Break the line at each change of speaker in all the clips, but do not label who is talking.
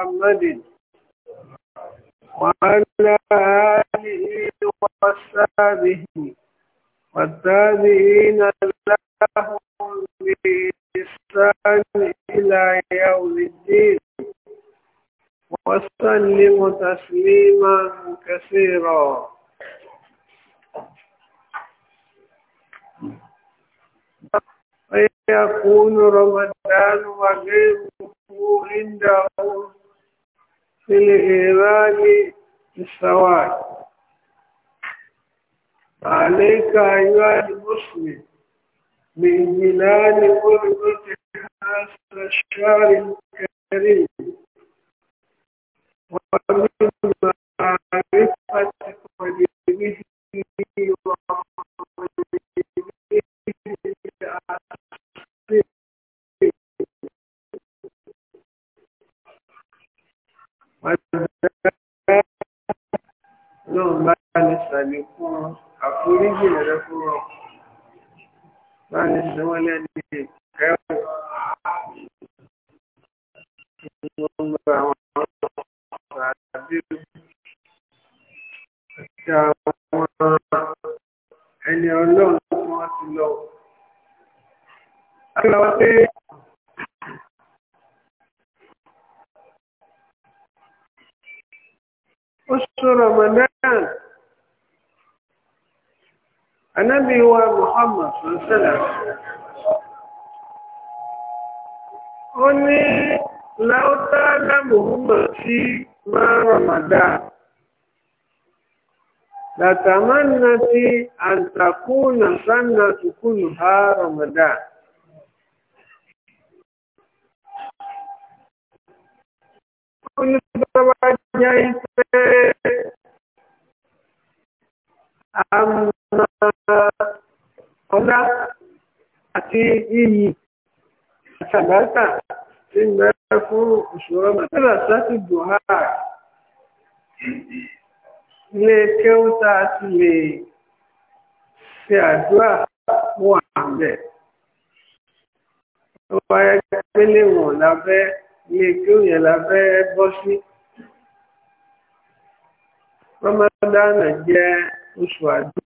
محمد وعلى آله وصحبه والتابعين لهم بإحسان إلى يوم الدين وسلم تسليما كثيرا يكون رمضان السواد عليك أيها المسلم من جلال قربة هذا الشهر الكريم ومن معرفة قدره وقدره méjì rẹ̀ fún wọn bá ní ṣe wọ́n lẹ́nu ìkẹ́wọ̀n wọ́n gba àwọn ọ̀rọ̀ àti àwọn ẹni ọlọ́run tí wọ́n ti lọ. Àgbà pé ó ṣòro ọmọ náà. Ànábì wa Muhammad sọ́sẹ́lá. Ó ní láótá dámù Muhammad sí máa Ramadá. Làtàmánà tí àǹtàkùnà sánà tukùnù ha Ramadá. Ó ní bàbá jẹ́ ìfẹ́ àmà ọlá àti iyì àtàbátà ti ń bẹ̀rẹ̀ fún òṣùwọ́ màtàlá sáti dùhà ilé kéúta ti lè ṣe àdúrà wà bẹ̀. ọba ẹgbẹ́ pélé wọ̀n lábẹ́ ilé kéú yẹn lábẹ́ bọ́ sí. Ramadan jẹ́ oṣù àdúrà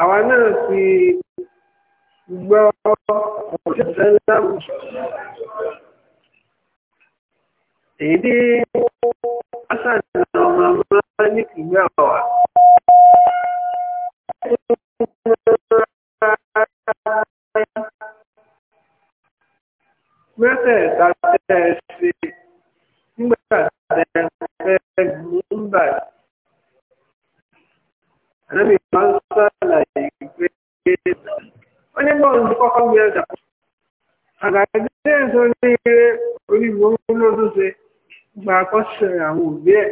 àwa náà fi gbọ́ ọ̀pọ̀lọpọ̀ láwùjọ èyí tí asàdà ọmọ máa ní ìgbà wà mẹ́tẹ̀ẹ̀ta tẹ́ẹ̀ yẹ ẹ̀dà àgàdé ẹ̀sọ́ ní ire onígbòmí ló tún ṣe gbà kọ́ṣẹ́ àwọn òbí ẹ̀